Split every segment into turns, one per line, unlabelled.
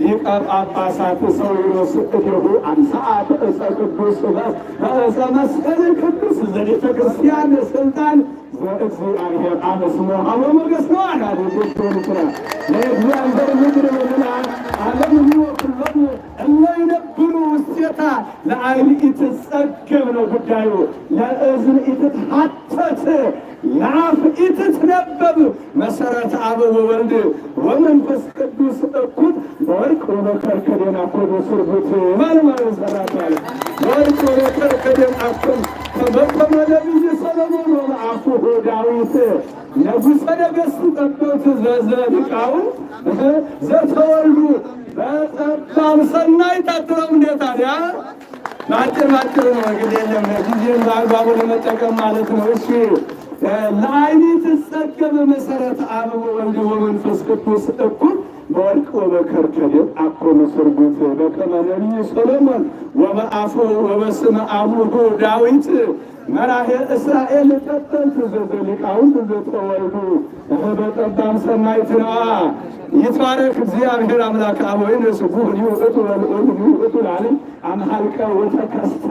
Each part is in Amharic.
ሊቀ ጳጳሳት ሰውሮስ እድሁ አምሳአ በእፀ ቅዱስ በእፀ መስቀል ቅዱስ ዘቤተ ክርስቲያን ስልጣን ወእግዚአብሔር አመስሞ አበ መገስነዋል አለ ዶክተር ለእግዚአብሔር ምድር ምና አለም ሁኔታ ለአይን ኢትጸገብ ነው ጉዳዩ፣ ለእዝን ኢትትሐተት ለአፍ ኢትትነበብ መሰረት አብ ወወልድ ወመንፈስ ቅዱስ እኩል በወርቅ ወበከርከዴን አኮዶ ስርቡት ማለማለ ሰራቷል ወርቅ ወበከርከዴን አኮን ተበቆመ ነቢይ ሰለሞን ወለአፉሁ ዳዊት ንጉሠ ነገሥቱ ጠበብት ዘዘ ሊቃውን ዘተወልዱ ሰናይ ታትረም እንደ ታዲያ ባጭር ባጭር ነው እንግዲህ የለም ጊዜን በአግባቡ ለመጠቀም ማለት ነው። እሺ ለአይኒ ትጸገብ መሰረት አብ ወወልድ ወመንፈስ ቅዱስ እኩል በወርቅ ወበከርከደ አኮኑ ስርጉት በከመ ነቢዩ ሰሎሞን ወበአፉ ወበስመ አቡሁ ዳዊት መራሄ እስራኤል ቀጠልት ዘዘ ዘተወልዱ በጠባም ሰናይት ነዋ ይትባረክ እግዚአብሔር አምላክ አቦይ ስቡህ እጡ እጡ ላል አምሃልቀ ወተከስተ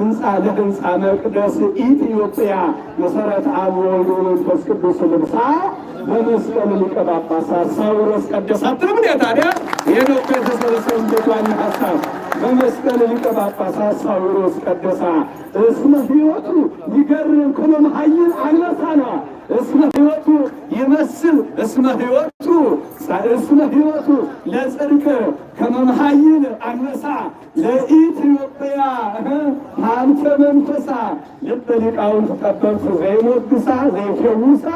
ህንፃ ለህንፃ መቅደስ ኢትዮጵያ መሰረት አብ ወልድ ወመንፈስ ቅዱስ ልብሳ በመስቀል ሊቀ ጳጳሳት ሰውረስ ቀደሳት ትምኔ ታዲያ የኢትዮጵያ የተሰበሰቡበት ዋና ሀሳብ በመስቀል ሊቀ ጳጳሳት ሰውሮስ ቀደሳ እስመ ሕይወቱ ይገርም ኩሎ መሀይል አንበሳና እስመ ሕይወቱ ይመስል እስመ ሕይወቱ እርሱ ለሕይወቱ ለጽድቅ ከመምሃይል አንበሳ ለኢትዮጵያ ሀብተ መንፈሳ ልበ ሊቃውንት ጠበብት ዘይሞግሳ ዘይፈውሳ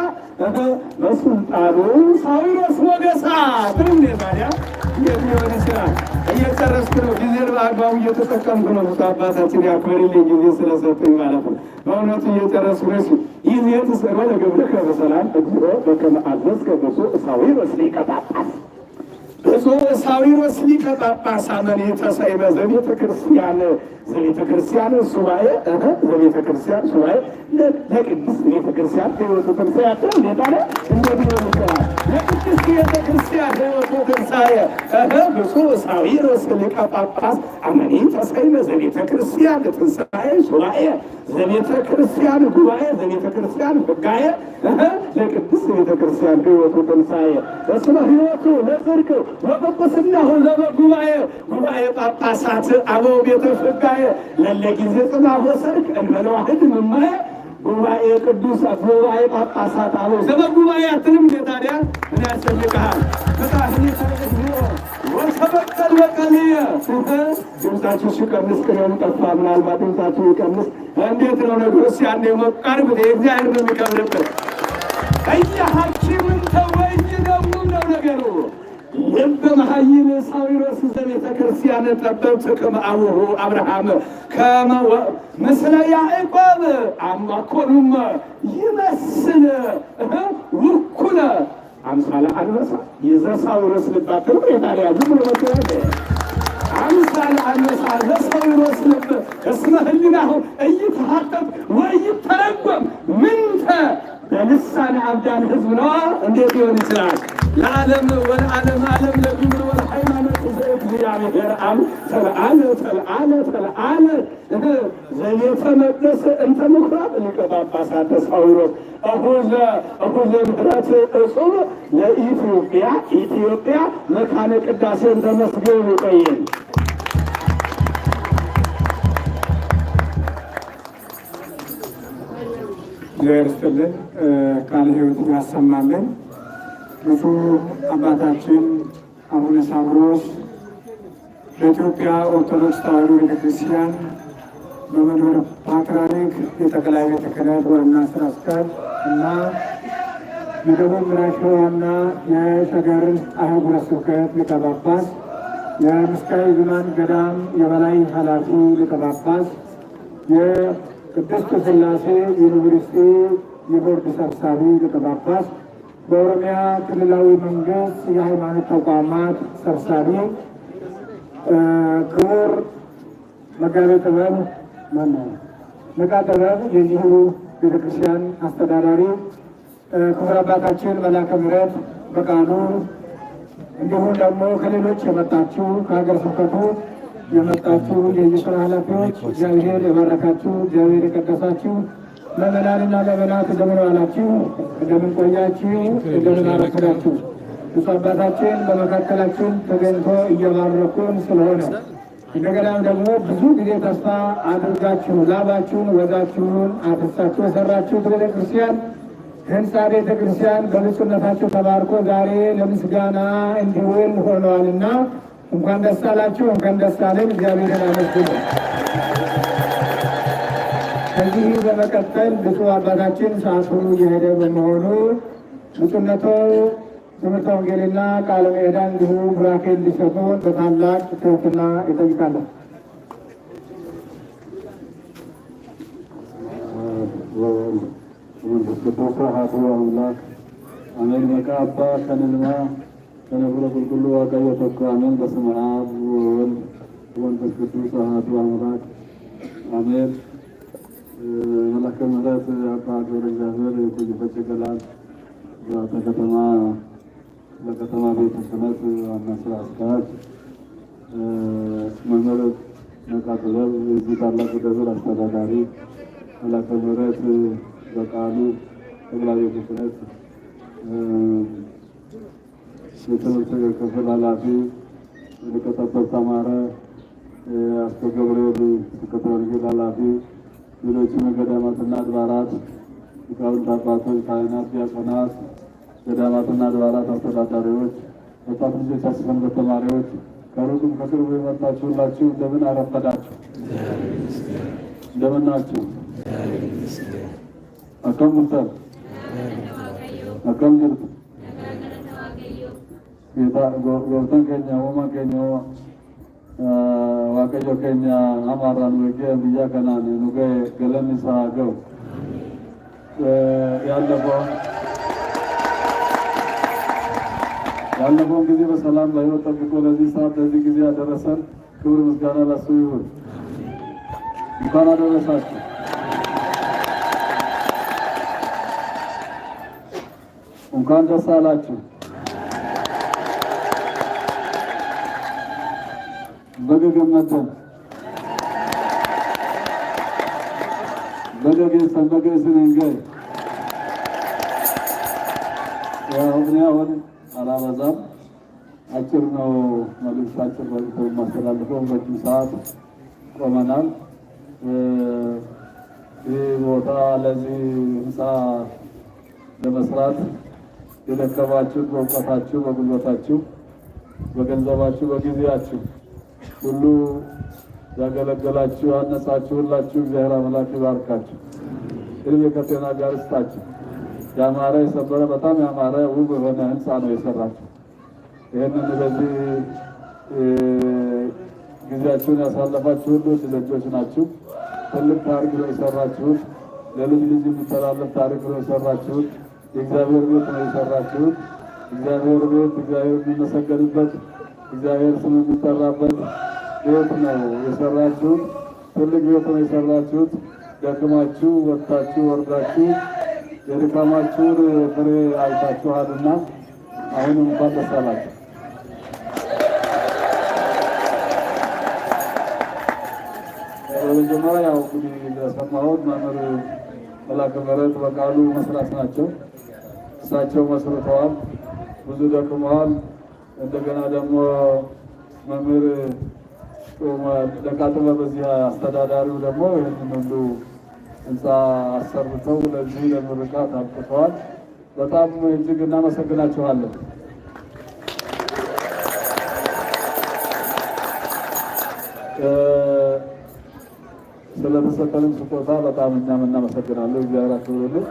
በስልጣኑ ሳዊሮስ ሞገሳ ትንዴ ታዲያ ሊሆን ይችላል። እየጨረስኩ ነው። ጊዜን በአግባቡ እየተጠቀምኩ ነው። አባታችን ያክብርልኝ ጊዜ ስለሰጡኝ ማለት ነው። በእውነቱ እየጨረስኩ ነው። ጊዜ ትሰሮ ለገብርከ በሰላም እግሮ በከመ አዘዝከ ብፁዕ ሳዊሮስ ሊቀ ጳጳስ ብፁዕ ሳዊሮስ ሊቀ ጳጳስ አመኔተ ሰይመ ዘቤተ ክርስቲያን ዘቤተ ክርስቲያን ሱባኤ ዘቤተ ክርስቲያን ሱባኤ ለቅድስት ቤተ ክርስቲያን ሕይወቱ ተምሳያቸው ሌጣለ እንደዚህ ነው ይሰራል ለቅድስት ቤተ ክርስቲያን ህይወቱ ትንሣኤ ብፁዕ ሳዊሮስ ሊቀ ጳጳስ አመኒ ተሰይመ ዘቤተ ክርስቲያን ትንሣኤ ሱራኤ ዘቤተ ክርስቲያን ጉባኤ ዘቤተ ክርስቲያን ሕጋዬ ለቅድስት ቤተ ክርስቲያን ህይወቱ ትንሣኤ በስመ ህይወቱ ለጽድቅ ወጵጵስናሁ ዘበ ጉባኤ ጳጳሳት አበው ቤተ ሕጋዬ ለለጊዜ ጽባሆ ሰርክ እንበለዋህድ መማየ ጉባኤ ቅዱስ ጉባኤ ጳጳሳት አሉ። ስለ ጉባኤ አትልም እንደ ታዲያ እኔ ያስጠይቀሃል ፍታህኒ ወሰበቀል በቀልየ ድምፃችሁ ሲቀንስ ቅኔውን ጠፋ። ምናልባት ድምፃችሁ ይቀንስ። እንዴት ነው ነገሩ? እስኪ አንዴ መቃርብ የእግዚአብሔር ነው የሚቀብርበት እየ ሐኪምን ተወይ ደግሞ ነው ነገሩ ልበ መሃይም ሳዊሮስ ዘቤተ ክርስቲያን ጠበብ ጥቅም አውሩ አብርሃም ከመወ ምስለ ያዕቆብ አማኮኑም ይመስል ውኩለ አምሳለ አንበሳ የዘሳዊሮስ ልባቸው የታለያዙ ምሎት አምሳለ አንበሳ ዘሳዊሮስ ልብ እስመ ህሊናሁ እይትሐጠብ ወይተረጎም ምንተ በልሳን አብዳን ህዝብ ነዋ። እንዴት ሊሆን ይችላል? ለዓለም ወለዓለም ዓለም ለግብር ወለሃይማኖት ዘእግዚአብሔር አብ ተለዓለ ተለዓለ ተለዓለ ዘቤተ መቅደስ እንተ ምኩራብ ሊቀ ጳጳሳት ተስፋዊሮስ አሁዘ አሁዘ ምሕረት እጹብ ለኢትዮጵያ ኢትዮጵያ መካነ ቅዳሴ እንተመስገን ይቆየን እግዚአብሔር ይስጥልን፣ ቃለ ሕይወትን ያሰማልን። ብፁዕ አባታችን አቡነ ሳዊሮስ በኢትዮጵያ ኦርቶዶክስ ተዋሕዶ ቤተክርስቲያን በመንበረ ፓትርያርክ የጠቅላይ ቤተ ክህነት ዋና ስራ አስኪያጅ እና የደቡብ ምዕራብ የሸገር አህጉረ ስብከት ሊቀ ጳጳስ፣ የምስቃየ ኅዙናን ገዳም የበላይ ኃላፊ ሊቀ ጳጳስ ቅድስት ስላሴ ዩኒቨርሲቲ የቦርድ ሰብሳቢ ሊቀ ጳጳስ፣ በኦሮሚያ ክልላዊ መንግስት የሃይማኖት ተቋማት ሰብሳቢ፣ ክቡር መጋቤ ጥበብ መመር ንቃ ጥበብ የዚሁ ቤተክርስቲያን አስተዳዳሪ፣ ክቡር አባታችን መላከ ምሕረት በቃሉ እንዲሁም ደግሞ ከሌሎች የመጣችው ከሀገር ስብከቱ የመጣችሁ የየስራ ኃላፊዎች እግዚአብሔር የባረካችሁ እግዚአብሔር የቀደሳችሁ መመናንና መመናት እንደምን ዋላችሁ? እንደምን ቆያችሁ? እንደምን አረፈዳችሁ? ብፁዕ አባታችን በመካከላችን ተገኝቶ እየባረኩን ስለሆነ እንደገናም ደግሞ ብዙ ጊዜ ተስፋ አድርጋችሁ ላባችሁን ወዛችሁን አፍሳችሁ የሰራችሁት ቤተ ክርስቲያን ህንፃ ቤተ ክርስቲያን በብፁዕነታችሁ ተባርኮ ዛሬ ለምስጋና እንዲውል ሆነዋልና እንኳን ደስ አላችሁ፣ እንኳን ደስ አለን። እግዚአብሔርን አመስግኑ። ከዚህ በመቀጠል ብፁዕ አባታችን ሰዓቱ እየሄደ በመሆኑ ብፁዕነቶ ትምህርተ ወንጌልና ቃለ ምዕዳን እንዲሁ ቡራኬ እንዲሰጡን በታላቅ ትሕትና ይጠይቃለሁ። ወመንፈስ ቅዱስ አሐዱ አምላክ አሜን። መቃ አባ ከንልማ ከነበረቱ ቁልቁሉ ቀየ ተኳንን በስመ አብ ወወልድ ወመንፈስ ቅዱስ አሐዱ አምላክ አሜን። መላከ ምሕረት አባ ገብረ እግዚአብሔር የቆዩበት ገላል ከተማ ለከተማ ቤተ ክህነት ዋና ስራ አስኪያጅ መምህር ነቃ ጥበብ የዚህ ታላቁ ደብር አስተዳዳሪ መላከ ምሕረት በቃሉ ጠቅላይ ቤተ ክህነት የትምህርት ክፍል ኃላፊ ልቀጠበት ተማረ፣ አቶ ገብርኤል ምክትለ ኃላፊ፣ ሌሎችም ገዳማትና አድባራት ሊቃውንት አባቶች፣ ካህናት፣ ዲያቆናት፣ ገዳማትና አድባራት አስተዳዳሪዎች፣ ወጣት ልጆች፣ ያስፈንበት ተማሪዎች ከሩቅም ከቅርቡ የመጣችሁ ሁላችሁ እንደምን አረፈዳችሁ? እንደምን ናችሁ? አከም ሙልተን አከም ግልተ gooftaan keenya uumaan keenya waaqayyo keenya hamaarraa nu eegee biyya kanaan nu ga'e galanni isaa ga'u. ያለፈውን ያለፈውን ጊዜ በሰላም በሕይወት ጠብቆ ለዚህ ሰዓት ለዚህ ጊዜ ያደረሰን ክብር ምስጋና ለሱ ይሁን። እንኳን አደረሳችሁ። እንኳን ደስ አላችሁ። በገገመተን በገጌሰን በገስንንገይ እኔ አላበዛም፣ አጭር ነው መልዕክታችን በልቶ የማስተላልፈው። በዚህ ሰዓት ቆመናል። ይህ ቦታ ለዚህ ህንፃ ለመስራት የደከማችሁ በእውቀታችሁ፣ በጉልበታችሁ፣ በገንዘባችሁ፣ በጊዜያችሁ ሁሉ ያገለገላችሁ ያነጻችሁ ሁላችሁ እግዚአብሔር አምላክ ይባርካችሁ። እድሜ ከጤና ጋር ይስጣችሁ። ያማረ የሰበረ በጣም ያማረ ውብ የሆነ ህንፃ ነው የሰራችሁ። ይህንን በዚህ ጊዜያችሁን ያሳለፋችሁ ሁሉ ልጆች ናችሁ። ትልቅ ታሪክ ነው የሰራችሁት። ለልጅ ልጅ የሚተላለፍ ታሪክ ነው የሰራችሁት። የእግዚአብሔር ቤት ነው የሰራችሁት። እግዚአብሔር ቤት እግዚአብሔር የሚመሰገንበት እግዚአብሔር ስም የሚጠራበት ቤት ነው የሰራችሁት። ትልቅ ቤት ነው የሰራችሁት። ደክማችሁ ወጥታችሁ ወርዳችሁ የድካማችሁን ፍሬ አይታችኋልና አሁን እንኳን ደስ አላችሁ። በመጀመሪያ ያው እንግዲህ እንደሰማሁት መምህር መላከ ምሕረት በቃሉ መስራት ናቸው። እሳቸው መስርተዋል። ብዙ ደክመዋል። እንደገና ደግሞ መምህር ደቃጥበ በዚህ አስተዳዳሪው ደግሞ ይህን ሁሉ ህንፃ አሰርተው ለዚህ ለምርቃት አብቅተዋል። በጣም እጅግ እናመሰግናችኋለን። ስለተሰጠንም ስጦታ በጣም እኛም እናመሰግናለን። እግዚአብሔር ያክብርልን።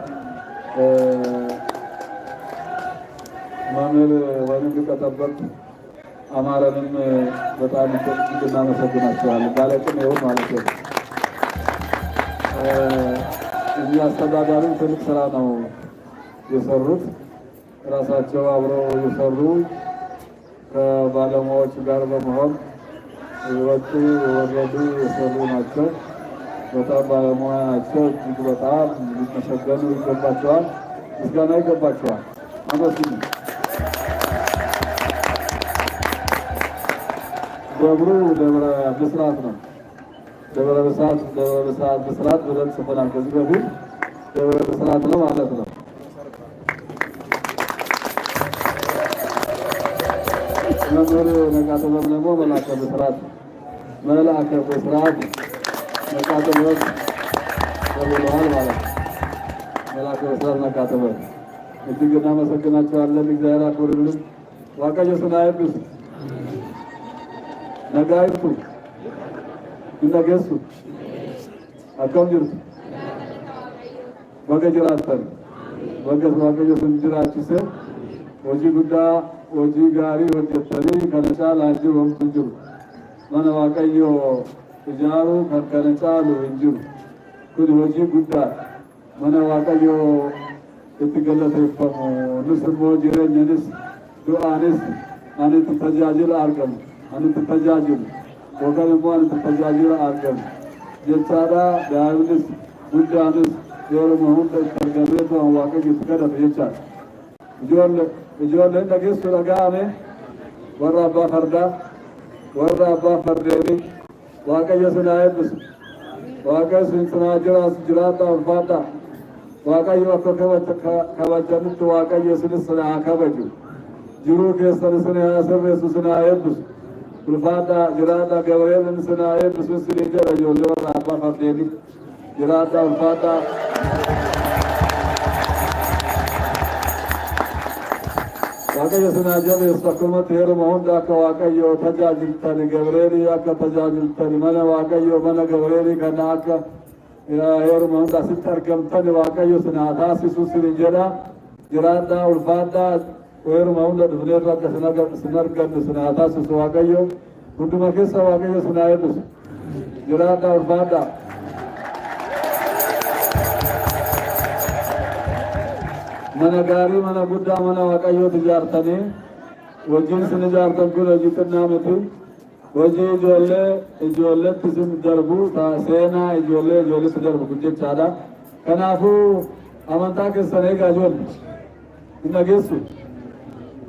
መምህር ወይንም ሊቀጠበቅ አማረንም በጣም እናመሰግናቸዋለን። ባለቅም ይሁን ማለት ነው። እዚህ አስተዳዳሪ ትልቅ ስራ ነው የሰሩት። እራሳቸው አብረው የሰሩ ከባለሙያዎች ጋር በመሆን የወጡ ወረዱ የሰሩ ናቸው። በጣም ባለሙያ ናቸው። እጅግ በጣም ሊመሰገኑ ይገባቸዋል። ምስጋና ይገባቸዋል። አመስግኑ። ደብሩ ደብረ ብስራት ነው። ደብረ ብስራት ደብረ ብስራት ብስራት ብለን ጽፈናል ከዚህ በፊት ደብረ ብስራት ነው ማለት ነው። መምህር ነቃ ደግሞ መልአከ ብስራት መልአከ ብስራት ነቃ ተብለዋል ማለት ነው። መልአከ ብስራት ነቃ እጅግ እናመሰግናቸዋለን። እግዚአብሔር አክብርልን። ዋቀዮ ስናየዱስ ነጋይቱ እነገሱ akkam jirtu bakka jiraattan bakka waaqayyo sun jiraachise hojii guddaa hojii gaarii hojjettanii kana caalaan jiru homtu jiru mana waaqayyo ijaaru kan kana caalu hin jiru kun hojii guddaa mana waaqayyo itti galateeffamu nus immoo jireenyanis du'aanis anitti tajaajila argamu አንትተጃጅም ወገንሞ አንትተጃጅር አርገም የቻዳ ዳያብንስ ጉዳንስ የኦሮሞሁን ደርገቤት ዋቀ ይትቀደም የቻል ijoolleen dhageessu dhaga'ame warra abbaa fardaa warra abbaa fardeeni waaqayyo sinaa eebbisu waaqayyo sin cinaa jiraas jiraadha ulfaadha waaqayyo akka kabajanitti waaqayyo sinis sinaa kabaju jiruu keessan isin haa sirreessu sinaa eebbisu Julfata, Julata, Gabriel, Msina, Yesu, Sisi, Lidera, Julio, na Papa Feli. Julata, Julfata. Waaqayyo isinaa jedhu akkasumatti heerumahundi akka Waaqayyo tajaajiltani Gabreelii akka tajaajiltani mana Waaqayyo mana Gabreelii kana akka heerumahundi asitti argamtani Waaqayyo isinaa taasisu isin jedha jiraadhaa ulfaadhaa ወይር ማውለድ ብኔራ ስነርገን ስናታስስ waaqayyo hunduma keessa waaqayyo sinaa eebbisu jiraadha ulfaadha mana gaarii mana guddaa mana waaqayyooti ijaartanii wajjin sin ijaartan kun hojii xinnaa miti hojii ijoollee ijoolletti sin darbu seenaa ijoollee ijoolletti darbu kun jechaadha kanaafuu amantaa keessan eegaa ijoolli hin dhageessu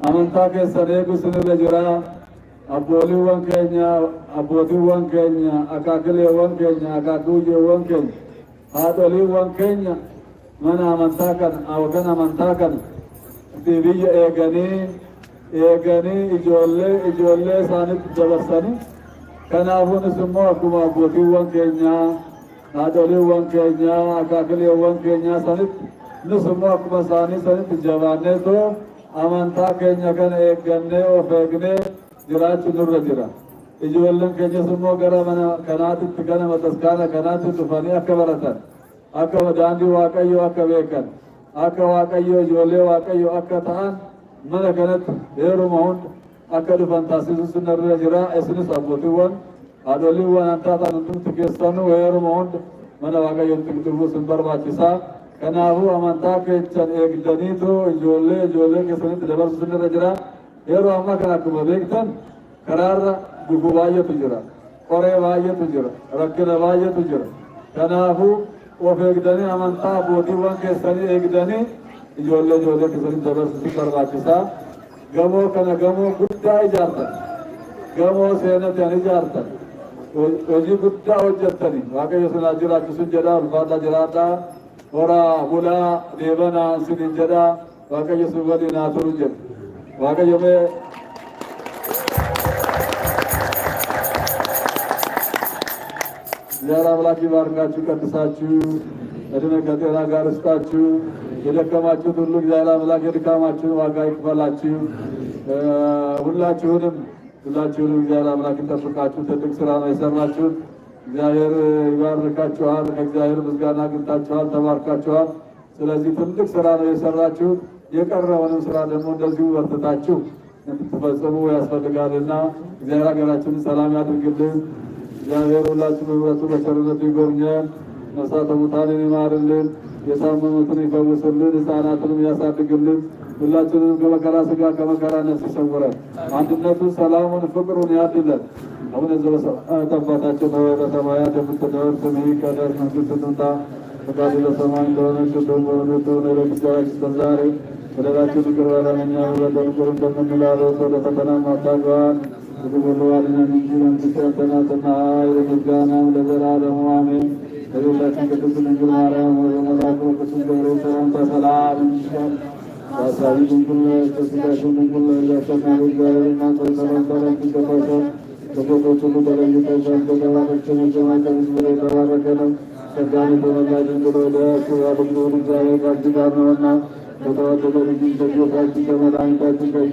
amantaa keessan eeguusin irra jira. Abbooliiwwan keenya, abbootiiwwan keenya, akaakileewwan keenya, akaakiwuyyeewwan keenya, haadholiiwwan keenya mana amantaa kana yookaan amantaa kana itti biyya eeganii eeganii ijoollee ijoollee isaanitti dabarsanii kanaafuunis immoo akkuma abbootiiwwan keenya, haadholiiwwan keenya, akaakileewwan keenya sanitti nus immoo akkuma isaanii sanitti jabaanneetoo አማንታ ኬኛ ከነ ኤገኔ ኦፌግኔ ጅራቹ ኑረ ጅራ ijoolleen keenyas immoo gara mana kanaatitti gana mataskaana kanaatti dhufanii akka baratan akka daandii waaqayyoo akka beekan akka waaqayyoo ijoollee waaqayyoo akka ta'an mana kanatti heeruma hunda akka dhufan taasisuu sinarra jira isinis abbootiiwwan haadholiiwwan hantaa ta'an hundumti keessanuu heeruma hunda mana waaqayyotti dhufuu sin barbaachisaa Kanaafuu amantaa keessan eegdatanii ijoollee ijoollee keessanitti dabarsuun irra jira. Yeroo ammaa kana akkuma beektan karaarra gufuu baay'eetu jira. Qoree baay'eetu jira. Rakkina baay'eetu jira. Kanaafuu of eegdanii amantaa abbootiiwwan keessanii eegdanii ijoollee ijoollee keessanitti dabarsuun barbaachisaa. Gamoo kana gamoo guddaa ijaartan. Gamoo seenatti an ijaartan. Hojii guddaa hojjettanii waaqayyo sanaa jiraachisun jedhaa ulfaataa jiraadhaa. ሆራ ቡላ ዴበናንሲን እንጀዳ waaqayyo sun waliin haa turu jedhu waaqayyo mee እግዚአብሔር አምላክ ይባርካችሁ፣ ቀድሳችሁ፣ እድሜ ከጤና ጋር እስጣችሁ። የደከማችሁት ሁሉ እግዚአብሔር አምላክ የድካማችሁን ዋጋ ይክፈላችሁ። ሁላችሁንም ሁላችሁንም እግዚአብሔር አምላክ ይጠብቃችሁ። ትልቅ ስራ ነው የሰራችሁት። እግዚአብሔር ይባርካችኋል። ከእግዚአብሔር ምስጋና አግኝታችኋል፣ ተባርካችኋል። ስለዚህ ትልቅ ስራ ነው የሰራችሁት። የቀረውንም ስራ ደግሞ እንደዚሁ በርትታችሁ እንድትፈጽሙ ያስፈልጋልና እግዚአብሔር ሀገራችንን ሰላም ያድርግልን። እግዚአብሔር ሁላችሁ በምሕረቱ በቸርነቱ ይጎብኘን። ነፍሳተ ሙታንን ይማርልን፣ የታመሙትን ይፈውስልን፣ ህፃናትንም ያሳድግልን። ሁላችንም ከመከራ ስጋ ከመከራ ነፍስ ይሰውረን። አንድነቱን፣ ሰላሙን፣ ፍቅሩን ያድለን። አቡነ ዘበሰማያት አባታችን ሆይ በሰማያት የምትኖር ስምህ ይቀደስ፣ መንግሥትህ ትምጣ፣ ፈቃድህ በሰማይ እንደሆነች እንዲሁም በምድር ትሁን። ለጊዜያችን ዛሬ በደላችንን ይቅር በለን እኛም የበደሉንን እንደምንምራለን። ወደ ፈተና አታግባን፣ ከክፉ ሁሉ አድነን እንጂ መንግሥትህ ያንተ ናትና ኃይል ምስጋናም ለዘላለሙ አሜን። ከቤታችን ቅድስት ማርያም ወደ መላኩ ቅዱስ ገብርኤል ሰላምታ ሰላም ይሻል። ታሳቢ ድንግል ነሽ፣ ከሥጋሽም ድንግል ነሽ። አስተማሪ እግዚአብሔር እናንተ ሰላምታ ይገባሻል። ከሴቶች ሁሉ ተለይተሽ አንቺ ነው። ጸጋን የተመላሽ ድንግል ሆይ ለአንቺ ያለውን እግዚአብሔር ከአንቺ ጋር ነውና ከተወደደ ልጅሽ ከጌታችን ከመድኃኒታችን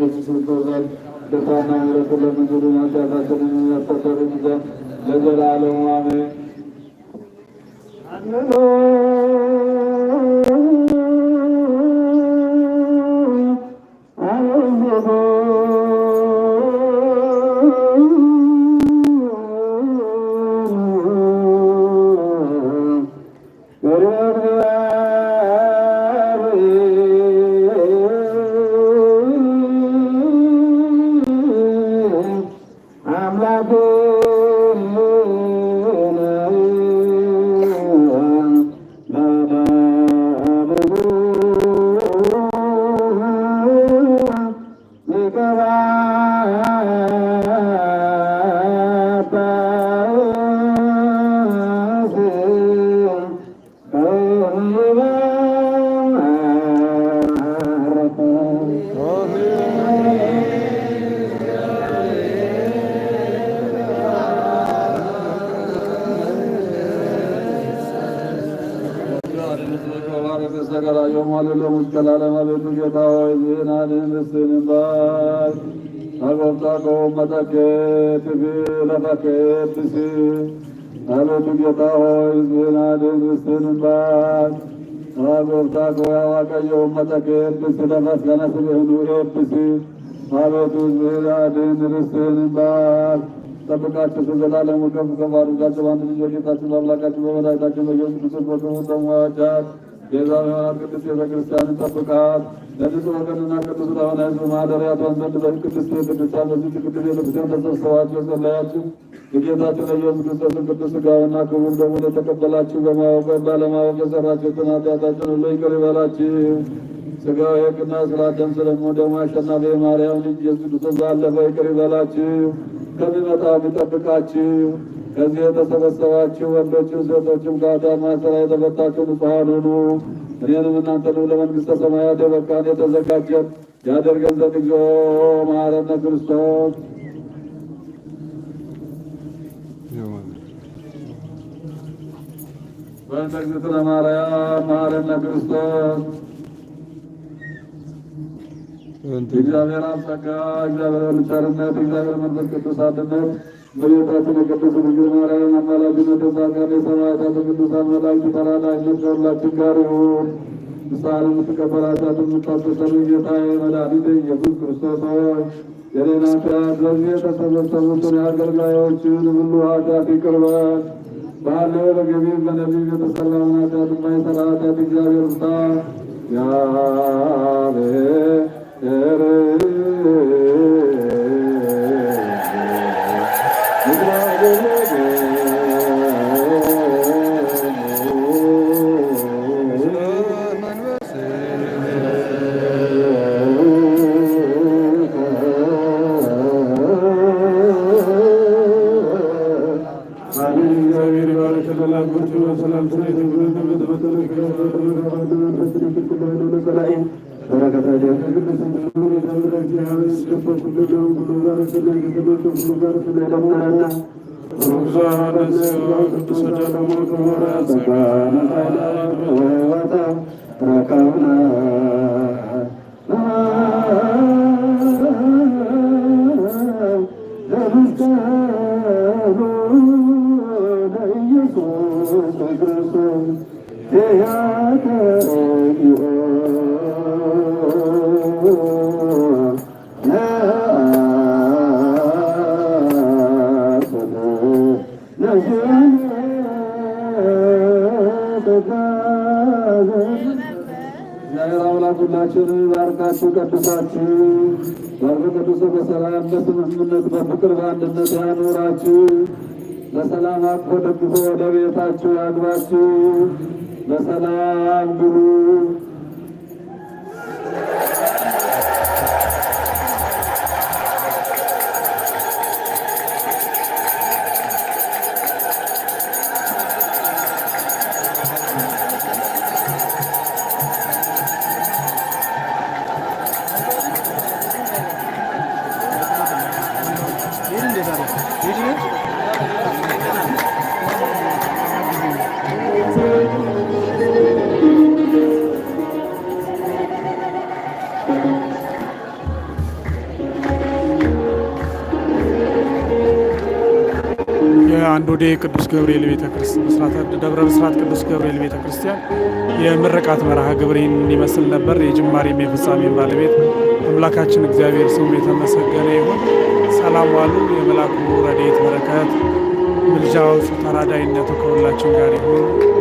ለዘላለሙ አሜን። No. hmm አስተቀራየሙ አልለሙት ከላለም አቤቱ ጌታ ሆይ ዝህናንን ርስህን ባር አገብታከ መጠኬ ትፊ ለፈኬ አቤቱ ጌታ ሆይ ዝህናንን ርስህን ባር አገብታከ ያዋቀየሁ መጠኬ ብስ ለፈስ አቤቱ ዝህናንን ርስህን ባር ጠብቃችሁ ከዘላለሙ ከፍ ከፍ አድርጋችሁ በአንድ ልጅ ጌታችን በአምላካችን በመድኃኒታችን በኢየሱስ ክርስቶስ በክቡር ደሙ ዋጃት ቤዛዊዋን ቅድስት ቤተ ክርስቲያንን ጠብቃት። ለንጹሕ ወገንና ቅዱስ ለሆነ ሕዝብ ማደሪያ ትሆን ዘንድ በቅድስት ቤተ ክርስቲያን በዚህች ቤተ ክርስቲያን ተሰብስባችሁ የጸለያችሁ የጌታችን ለኢየሱስ ክርስቶስን ቅዱስ ሥጋውና ክቡር ደሙን የተቀበላችሁ በማወቅ ባለማወቅ የሠራችሁትን ኃጢአታችሁን ሁሉ ይቅር ይበላችሁ። ሥጋው የሕግና ሥርዓት ደም ስለሙ ደግሞ አሸናፊ የማርያም ልጅ ኢየሱስ ክርስቶስ ባለፈው ይቅር ይበላችሁ፣ ከሚመጣው ይጠብቃችሁ። ከዚህ የተሰበሰባችሁ ወንዶችም ሴቶችም ከአዳማ ስራ የተፈታችሁ ንጹሐን ሁኑ። እኔንም እናንተንም ለመንግሥተ ሰማያት የበቃን የተዘጋጀን ያደርገን ዘንድ እግዚኦ መሐረነ ክርስቶስ በእንተ እግዝእትነ ማርያም መሐረነ ክርስቶስ እግዚአብሔር አብ ጸጋ፣ እግዚአብሔር ቸርነት፣ እግዚአብሔር መንፈስ ቅዱስ አንድነት እመቤታችን የቅድስት ድንግል ማርያም አማላጅነት የተሳካን የሰማዕታት ቅዱሳን መላእክት ተራራ አይነት ከሁላችን ጋር ይሁን። ምሳሌ የምትቀበላቻት የምታስተሰሩ ጌታዬ መድኃኒቴ ኢየሱስ ክርስቶስ ሆይ የኔና ትያት በዚህ የተሰበሰቡትን የአገልጋዮችን ሁሉ ኃጢአት ይቅር በል። ባለው በገቢም በነቢብ የተሰላውን ኃጢአት የማይሰራ ኃጢአት እግዚአብሔር ምታ ያቤ ሁላችንን ባርካችሁ ቀድሳችሁ ባርኮ በሰላም በስምምነት በፍቅር በአንድነት ያኖራችሁ። በሰላም አቆ ደግፎ ወደ ቤታችሁ ያግባችሁ። በሰላም ግቡ። ዶዴ ቅዱስ ገብርኤል ደብረ ብስራት ቅዱስ ገብርኤል ቤተ ክርስቲያን የምረቃት መርሃ ግብሬን ይመስል ነበር። የጅማሬም የፍጻሜም ባለቤት አምላካችን እግዚአብሔር ስሙ የተመሰገነ ይሁን። ሰላም ዋሉ። የመላኩ ረድኤት በረከት ምልጃው ተራዳይነቱ ከሁላችን ጋር ይሁን።